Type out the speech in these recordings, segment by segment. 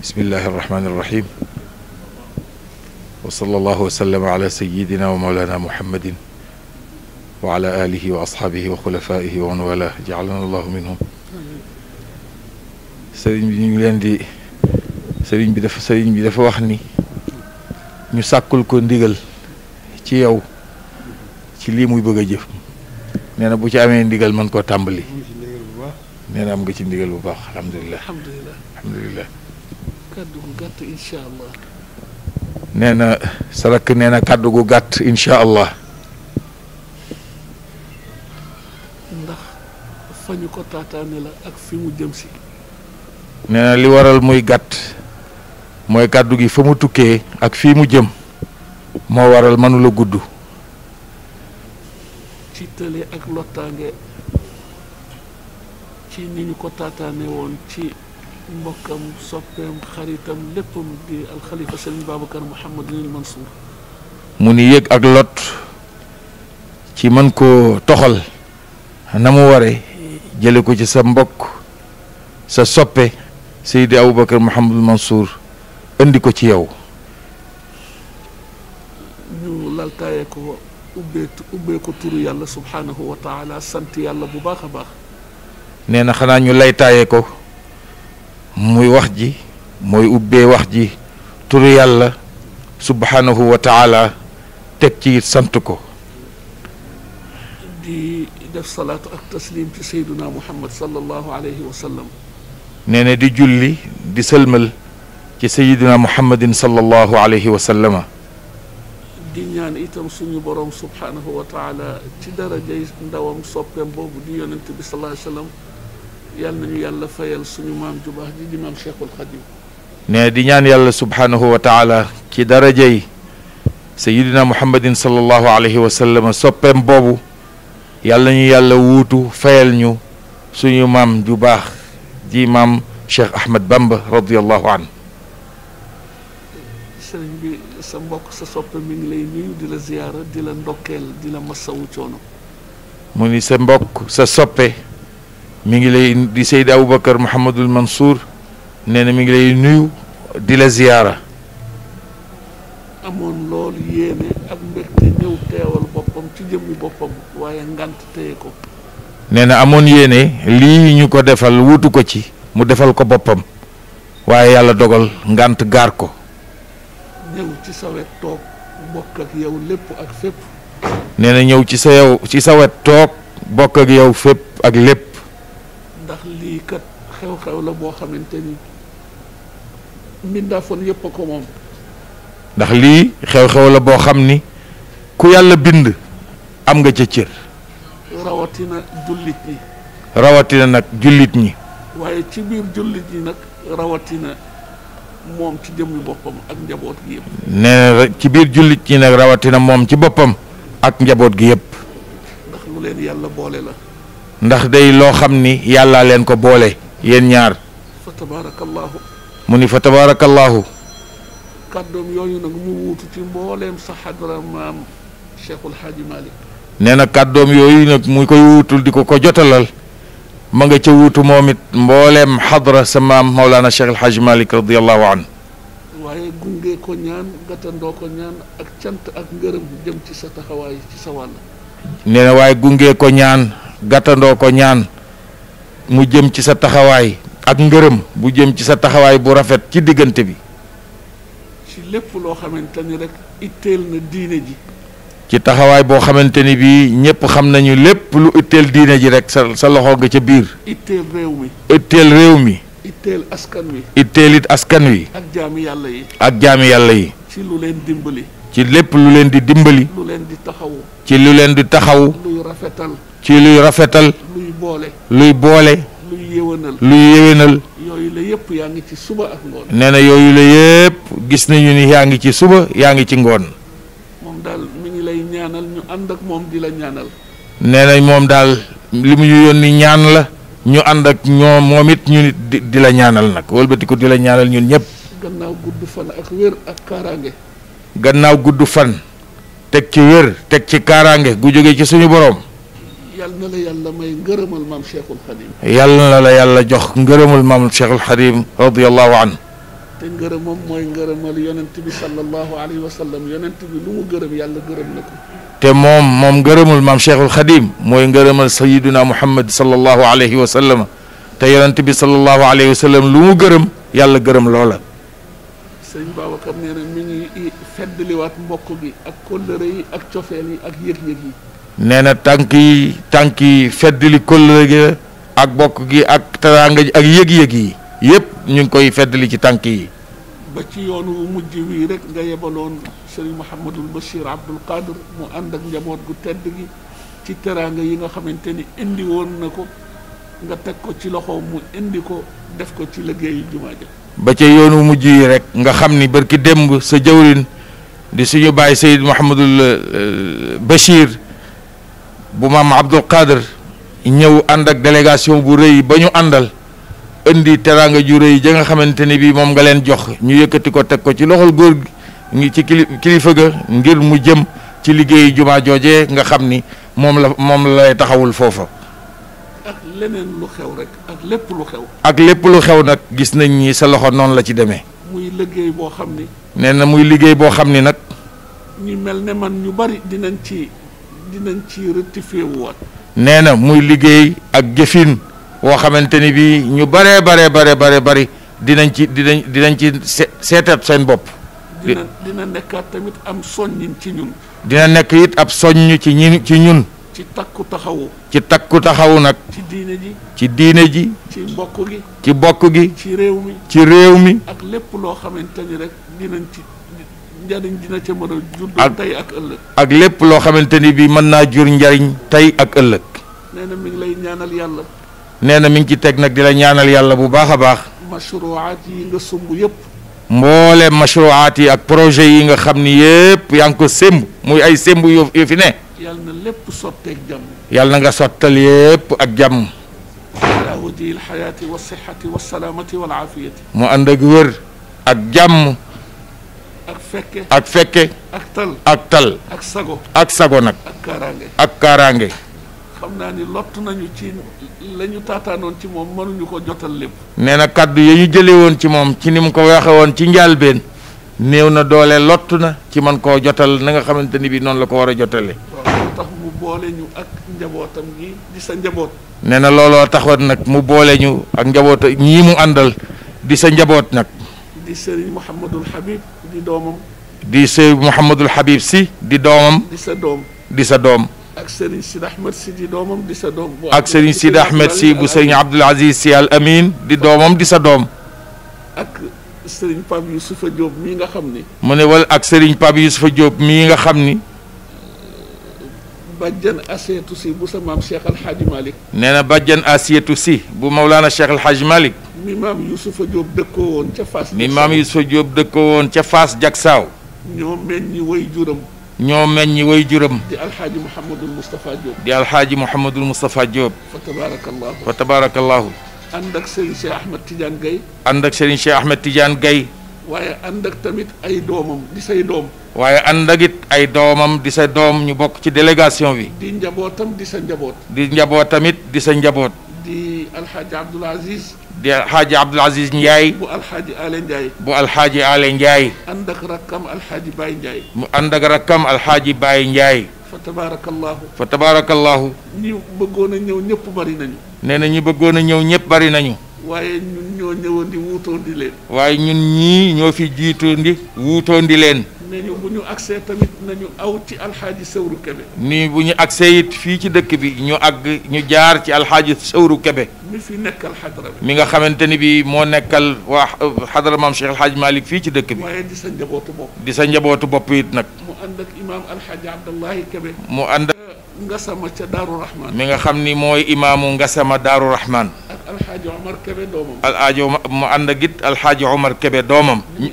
bismillahi irrahmani irrahim wa sala allahu wasallama ala sayidina wa maolana muhammadin wa ala alihi wa asxaabihi wa xulafaihi wa man wala jaalana allahu minhum sëriñ bi ñu ngi leen di sëriñ bi dafa sëriñ bi dafa wax ni ñu sàkkul ko ndigal ci yow ci lii muy bëgg a jëf nee na bu ci amee ndigal man koo tàmbali nee am nga ci ndigal bu baax alhamdulilah alhamdulilah kàddu gu gàtt incha allah nee na sarak nee na kàddu gu gàtt incha ndax fa ñu ko taataane la ak fi mu jëm si nee na li waral muy gàtt mooy kàddu gi fa mu tukkee ak fii mu jëm moo waral mënula gudd. ci tële ak lottaange ci ni ñu ko taataane woon ci mbokkam soppeem xaritam léppam di alxalifa sëriñ Babacar mu ni yëg ak lot ci mën ko toxal na mu ware jële ko ci sa mbokk sa soppe Seydi Aboubacar Mouhamadul Mansour indi ko ci yow. ñu laltaayee ko ubbee ubbee turu yàlla subhaanahu wa taala sant yàlla bu baax a baax. nee na xanaa ñu laytaayee ko muy wax ji mooy ubbee wax ji turu yàlla subhaanahu wa taala teg ci sant ko. di def salaatu ak taslim ci sayduna muhammad sallallahu wa sallam. nee na di julli di sëlmal ci sayidina muhammadin sallallahu alayhi wa sallama di ñaan itam suñu borom subhaanahu wa taala ci darajay ndawam soppeem boobu di yonent bi sallallahu alayhi wa sallam yal nañu yàlla fayal suñu maam ju baax ji di maam cheikhul xadim nee di ñaan yàlla subhaanahu wa taala ci darajay sayidina muhammadin sallallahu alayhi wa sallama soppeem boobu yàlla ñu yàlla wuutu fayal ñu suñu maam ju baax ji maam Cheikh Ahmed Bamba radiallahu an sëriñ bi sa mbokk sa soppe mi ngi lay nuyu di la ziyaara di la ndokkeel di la masawu coono mu ni sa mbokk sa soppe mi ngi lay di Seydi Aboubacar Mouhamadul Mansour nee na mi ngi lay nuyu di la ziyaara amoon loolu yéene ak mbégte ñëw teewal boppam ci jëmmi boppam waaye ngant téye nee na amoon yéene lii ñu ko defal wutu ko ci mu defal ko boppam waaye yàlla dogal ngànt gaar ko. ñëw ci sa wet toog bokk ak yow lépp ak fépp. na ñëw ci sa toog bokk yow fépp ak lépp. ndax lii kat xew-xew la boo xamante ni mbindaafoon yëpp a ko moom. ndax lii xew-xew la boo xam ni ku yàlla bind am nga ca cër. rawatina jullit ñi. rawatina nag jullit ñi. waaye ci biir jullit ñi nag rawatina moom ci jëmmi boppam ak njaboot gi yëpp. biir jullit ñi nag rawatina moom ci boppam ak njaboot gi yëpp. ndax lu leen yàlla boole la. ndax day loo xam ni yàlla leen ko boole yéen ñaar. fa tabaarakallaahu. mu ni fa tabaarakallaahu. kàddoom yooyu nag mu wuutu ci mbooleem sa xadra maam Cheikhul Hadji Malick. nee na kàddoom yooyu nag mu koy wuutul di ko ko jotalal mu nga ca wuutu moom it mbooleem xadra sa maam Mawlana Cheikh El Hadj Malick radiallahu an waaye gunge ko ñaan gàttandoo ko ñaan waaye gunge ko ñaan gàttandoo ko ñaan mu jëm ci sa taxawaay ak ngërëm bu jëm ci sa taxawaay bu rafet ci diggante bi. ci lépp loo xamante ni rek itteel na diine ji. ci taxawaay boo xamante ni bii ñëpp xam nañu lépp lu itteel diine ji rek sa sa loxo nga ca biir. itteel réew mi. itteel réew mi. itteel askan wi. itteel it askan wi. ak jaami yàlla yi. ak jaami yàlla yi. ci lu leen dimbali. ci lépp lu leen di dimbali. ci lu leen di taxawu. luy rafetal. ci luy rafetal. luy boole. luy boole. luy yéwénal. yaa ngi ci suba nee na yooyu la yëpp gis nañu ni yaa ngi ci suba yaa ngi ci ngoon. ànd ak di la ñaanal. nee na moom daal li mu ñu yónni ñaan la ñu ànd ak ñoom moom it ñu nit di la ñaanal nag wëlbatiku di la ñaanal ñun ñëpp. gannaaw gudd fan ak wér ak kaaraange. gannaaw gudd fan. teg ci wér teg ci kaaraange gu jógee ci suñu borom. yàlla na la yàlla may ngërëmal maam Cheikhul Xadim. yàlla na la yàlla jox ngërëmal maam Cheikhul Xadim radiyallahu anhu te ngërëmam mooy ngërëmal yonent bi sallallahu alayhi wa sallam yonent bi lu mu gërëm yàlla gërëm na ko. te moom moom ngërëmul maam Cheikhul Xadim mooy ngërëmal sayiduna Muhammad sallallahu alayhi wa sallam te yonent bi sallallahu alayhi wa sallam lu mu gërëm yàlla gërëm loola. sëñ Babacar nee na mi ngi feddliwaat mbokk gi ak kóllëre yi ak cofeel yi ak yëg-yëg yi. nee na tànk yi tànk yi feddli kóllëre gi ak bokk gi ak teraanga ji ak yëg-yëg yi. yëpp ñu ngi koy feddali ci tànk yi. ba ci yoonu mujj wii rek nga yebaloon Serigne Mouhamadul Bachir Abdoul Qadir mu ànd njaboot gu tedd gi ci teraanga yi nga xamante ni indi woon na ko nga teg ko ci loxo mu indi ko def ko ci liggéeyu jumaa ja ba ca yoonu mujj yi rek nga xam ni barki démb sa jawrin di suñu bàyyi Seyd Mouhamadul euh, Bachir bu maam Abdoul Qadir ñëw ànd ak délégation bu rëy ba ñu àndal. indi teraanga ju rëy ja nga xamante ni bii moom nga leen jox ñu yëkkati ko teg ko ci loxol góor ngi ci kilifa ga ngir mu jëm ci liggéeyu jumaa jooje nga xam ni moom la moom lay taxawul foofa. ak leneen lu xew rek ak lépp lu xew. nag gis nañ ni sa loxo noonu la ci demee. muy boo xam ni. na muy liggéey boo xam ni nag. ñu mel ne man ñu bari dinañ ci dinañ ci rectifié waat. na muy liggéey ak jëfin. woo xamante ni bii ñu baree baree baree baree bari dinañ ci dinañ dinañ ci seetaat seen bopp. dina dina tamit am soññ ci ñun. dina nekk it ab soññ ci ñi ci ñun. ci takku taxawu. ci takku taxawu nag. ci diine ji. ci diine ji. ci bokk gi. ci réew mi. ci réew mi. ak lépp loo xamante ni dinañ ci njariñ dina ca mën a jur. tey ak ëllëg. ak lépp loo xamante ni bii mën naa jur njariñ tey ak ëllëg. yàlla. nee na mi ngi ci teg nag di la ñaanal yàlla bu baax a baax. mashruwaat yi nga sumb ak projet yi nga xam ni yëpp yaa ngi muy ay sémb yu fi ne. yàlla na lépp sotteeg jàmm. yàlla na nga sottal ak jàmm. diil xayaati wa sixati wa mu ànd ak wér. ak jàmm. ak fekke. ak fekke. ak tal ak sago. nag. ak kaaraange. xam naa ni lott ci la ñu ci moom mënuñu ko jotal lépp. nee na kàddu ya jëlee woon ci moom ci ni mu ko waxe woon ci njàlbeen néew na doole lott na ci man koo jotal na nga xamante ni bi noonu la ko war a jotalee. boole ñu ak njabootam sa njaboot. nee na looloo taxoon nag mu boole ñu ak njaboot ñii mu àndal di sa njaboot nag. di sëriñ Mouhamadul Habib di doomam. si di doomam. di di sa doom. ak Serigne Sidi Ahmed si di ak Serigne Sidi Ahmed si bu Serigne Abdoul Aziz di doomam di sa doom. ak Serigne Pape xam ni. mu ne wala ak Serigne Pape Youssoufa Diop nga xam ni. bàjjan Asietu si bu sa maam Cheikh nee na bàjjan Asietu si bu Maulana Cheikh Al Hadj Malick. mi maam Youssoufa Diop ca Fass. jak maam Youssoufa Diop way juram. ñoo meññ way juram. di alxaaji Mouhamadul Moustapha Diop. di alxaaji Mouhamadul Moustapha Diop. fa tabaarakallaahu fa tabaarakallaahu. ànd ak Serigne Cheikh Ahmed Tidiane gay ànd ak Serigne Ahmed Tidiane Guèye. waaye ànd tamit ay doomam di say doom. waaye ànd it ay doomam di sa doom ñu bokk ci délégation bi. di njabootam di sa njaboot. di njabootamit di sa njaboot. di alxaaji Abdoul Aziz. di alxaaji Abdoul Aziz Ndiaye. bu alxaaji Ale Ndiaye. mu ànd ak rakkam Ndiaye. fa tabaarakallaahu. fa tabaarakallaahu. ñi bari nañu. nee na ñi bëggoon a ñëw ñëpp bari nañu. waaye ñun ñoo ñii ñoo fi jiitoon di. wuutoon di leen. nañu bu ñu agsee tamit nañu aw ci alxaaji sëwru kebe nii bu ñu agsee it fii ci dëkk bi ñu àgg ñu jaar ci alxaaji sëwru kebe mi fi nekkal xadara mi nga xamante ni bi moo nekkal waa xadara maam Cheikh alxaaji Malick fii ci dëkk bi waaye di sa njabootu bopp di bopp it nag alxaaji Abdallahi Ngasama ca Daaru mi nga xam ni mooy imaamu Ngasama Daaru Rahman. ak Alxaaji Omar Kebe doomam. Alxaaji mu ànd ak it Alxaaji Omar Kebe doomam. ñu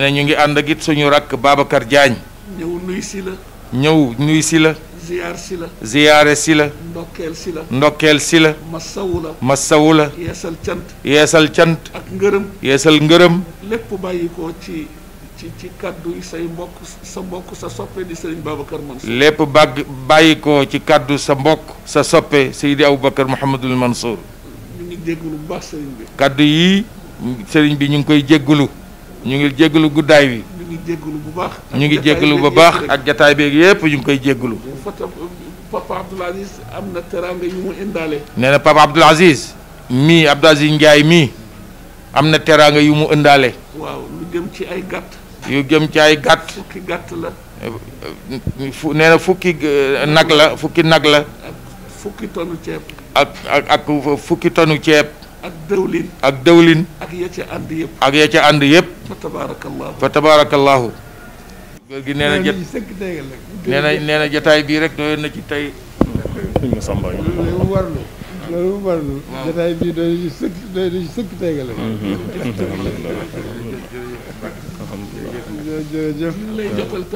ne ñu ngi ànd ak it suñu rakk Babacar jaañ ñëw nuy si la. ñëw nuy si la. ziyaar si ziyaare si la. ndokkeel si la. ndokkeel si la. masawu la. masawu la. yeesal cant. yeesal cant. ak ngërëm. yeesal ngërëm. lépp bàyyi ko ci. ci ci kaddu yi sa mbokk lépp bàgg bàyyi ko ci kaddu sa mbokk sa soppe Seydi Aboubacar Mouhamadul Mansour. ñu ngi jégalu bu baax bi. kaddu yii Serigne bi ñu ngi koy jégalu ñu ngi jégalu guddaay bi. ñu ngi jégalu bu baax. ñu ngi jégalu bu baax ak jataay beeg yépp ñu ngi koy jégalu. papa Abdoul Aziz am na teraanga yu mu indaale. nee na papa Abdoul Aziz mii Abdoul Aziz Ndiaye mii am na teraanga yu mu indaale. waaw ci ay gàtt. yu jëm ci ay gàtt. fukki gàtt la. fu fukki eh, nag la fukki nag la. ak fukki tonu ceeb. ak ak dëwlin. ak dëwlin. ak ya ca ànd yëpp. ak fa tabaarakallaahu fa gi nee na jot na nee bii rek doyoon na ci tey. alhamdulilah jërëjëf ñu lay jotal ah,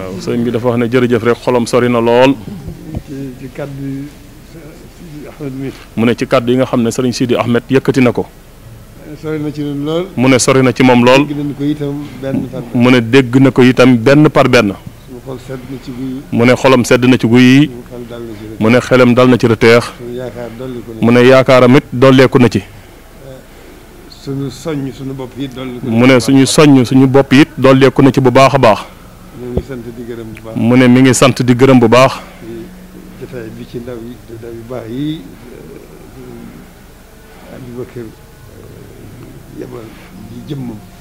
ah, bi dafa wax ne jërëjëf rek xolam sori na lool. ci ci kaddu yi mu ne ci kaddu yi nga xam ne sëriñ Sidi Ahmed yëkkati na ko. sori mu ne sori na ci moom lool. dégg mu ne dégg na ko itam benn par benn. mu ne xolam sedd na ci guy mu ne xelam dal na ci rëteex. mu ne yaakaaram it dolleeku na ci. Eh, dolleeku na ci. mu ne suñu soñ suñu bopp yi dolleeku na ci bu baax a baax. mu ne mi ngi sant di gërëm bu baax. jotaay ci ndaw yi yu baax eh,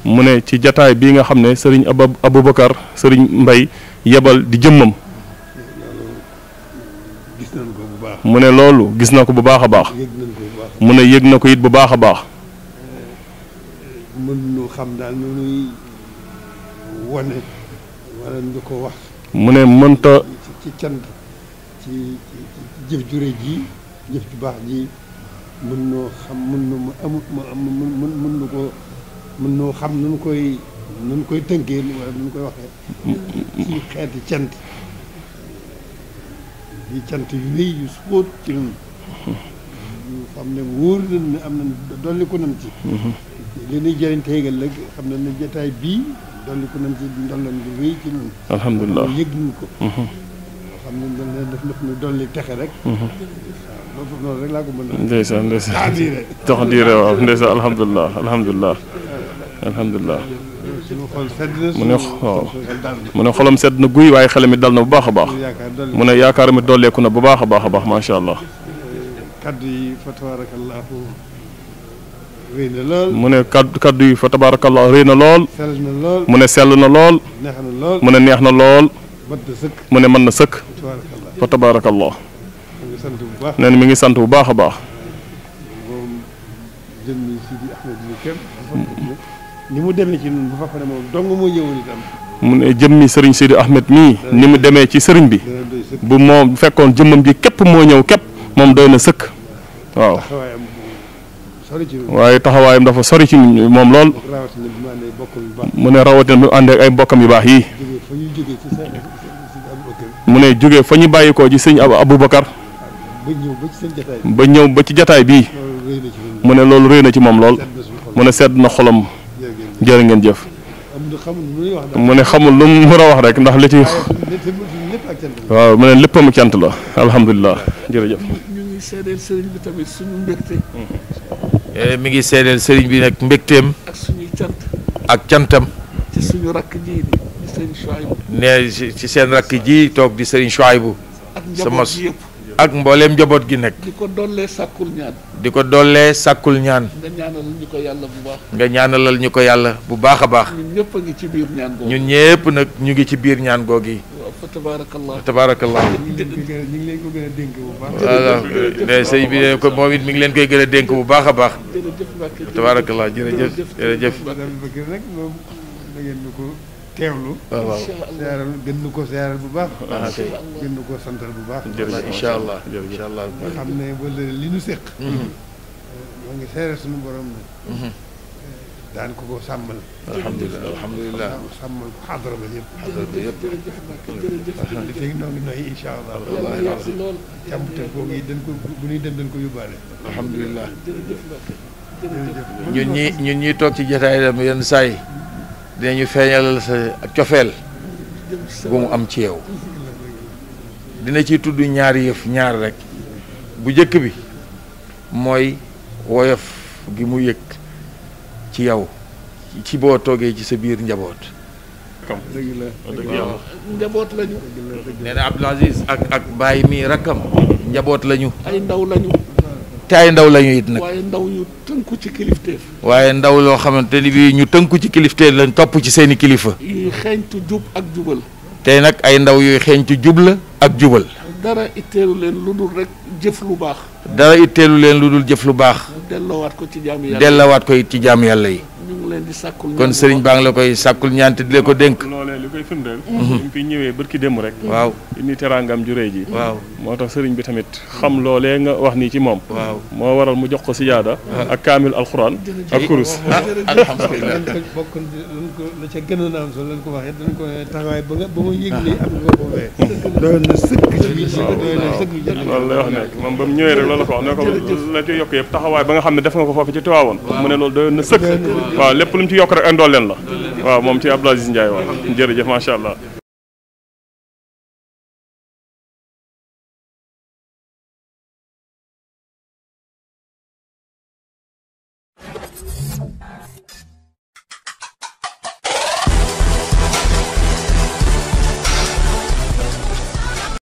mu ne ci jataay bii nga xam ne sëriñ Aba Aboubacar sëriñ Mbay yabal di jëmmam. mu ne loolu gis na ko bu baax a baax. mu ne yëg na ko it bu baax a baax. Eh, eh, mënuñu xam daal nu ñuy wane wala mu ne mënta. ci cant jëf ju rëy ji mën noo xam mën nu mu amul mu am mën ko mën noo xam nu koy nu koy tënkee wala nu koy waxee ci xeeti cant di cant yu wéy yu sóot ci ñun ñu xam ne wóor nañ ne am na dolliku nañ ci li ñuy jëriñ teegal la xam ne na jotaay bii dolliku nañ ci ndolloon lu wéy ci ñun alhamdulilah mhm. rek mhm. loolu rek laa ko tax diire waaw ndeysaan alhamdulilah alhamdulilah alhamdulilah. mu ne xolam sedd na guy waaye xel mi dal na bu baax a baax. mu ne yaakaar mi dolleeku na bu baax a baax a baax macha allah. kaddu yi fa tabaarakallaahu rëy na lool mu ne kaddu yi fa tabaarakallaahu na lool. sell na lool mu ne na lool. neex na lool mu ne neex na mën na sëkk. fa tabaarakallaahu nee na mi ngi sant bu baax a baax. ni mu demee ci ñun ne moo ñëwoon itam. mu ne jëmmi sëriñ Sidi Ahmed mii ni mu demee ci sëriñ bi bu moo fekkoon jëmmam ji képp moo ñëw képp moom doy na sëkk waaw waaye taxawaayam dafa sori ci moom lool mu ne rawatina bi mu àndee ay bokkam yu baax yi mu ne jógee fa ñu bàyyi ko ci sëñ Aboubacar ba ñëw ba ci jataay bii mu ne loolu réy na ci moom lool mu ne sedd na xolam jërë ngeen jëf mu ne xamul lu mu a wax rek ndax li ci waaw mu ne léppam cant la alhamdulilah jërëjëf. mi ngi seedeel sëriñ bi tamit suñu eh, ngi seedeel sëriñ bi nag mbégteem. ak cantam. ci suñu rakk ji di ci seen rakk ji toog di sëriñ Chouaïbou. ak yëpp ak mbooleem njaboot gi nekk. di ko dollee sàkkul ñaan. di ko dollee sàkkul ñaan. nga ñaanalal ñu ko yàlla bu baax. nga ñaanalal ñu ko yàlla bu baax a baax. ci biir ñaan googu. ñun nag ñu ngi ci biir ñaan googu yi. fa tabaarakallah ñu ngi leen ko a dénk bu baax. bi ne it mi ngi leen koy gën a dénk bu baax a baax. jërëjëf Mbacke tabaarakallah jërëjëf teewlu. waaw waaw seeral gën ñu ko seeral bu baax. gën ñu ko santal bu baax. jërëjëf incha allah jërëjëf incha allah. nga xam ne wala li ñu séq. Mm-hmm. Euh, moo ngi seeral suñu borom nag. Mm-hmm. Euh, daan ko ko sàmmal. alhamdulilah alhamdulilah sàmmal ko xadra ba yëpp. xadra ba yëpp jërëjëf li fekk noo ngi noy incha allah. alhamdulilah càmbute googu yi dañ ko bu ñuy dem dañ ko yóbbaale. alhamdulilah. jërëjëf ñun ñii ñun ñii toog ci jotaay dem yenn saa yi dinañu feeñalal sa cofeel gu mu am ci yow dina ci tudd ñaari yëf ñaar rek bu jëkk bi mooy woyof gi mu yëg ci yow ci boo toogee ci sa biir njaboot njaboot lañu nee na Abdou Aziz ak ak Baye mii rakkam njaboot lañu ay lañu te ay ndaw lañu it nag. waaye ndaw yu waaye ndaw loo xamante ni bii ñu tënku ci kilifteef lañ topp ci seeni kilifa. yuy xeeñtu jub ak jubal. tey nag ay ndaw yuy xeeñtu jub la ak jubal. dara itteelu leen lu dul jëf lu baax. dara itteelu leen lu dul jëf lu baax. dellawaat ko ci jaamu yi dellawaat ko ci jaamu yàlla yi. sàkkul kon sëriñ baa ngi la koy sàkkul ñaan te di la ko dénk. loolee li koy firndeel. Mhm. démb rek. waaw ju ji. waaw moo tax sëriñ bi tamit xam loolee nga wax nii ci moom. moo waral mu jox ko siyaada. ak kaamil alxuraan ak kurus. Ah, alhamdulilah bokk la ca gën a am lañ ko waxee dañ ko taxawaay ba ba ma ah. wax nekk moom ba mu ñëwee rek loolu la ko wax ne ko la ci yokk yëpp taxawaay ba nga xam ne def nga ko foofu ci Tiwaawoon mu ne loolu doon na sëkk waaw lépp lu mu ci yokk rek ak ndolleen la waaw moom ci Abdou Aziz Ndiaye waaw jërëjëf macha allah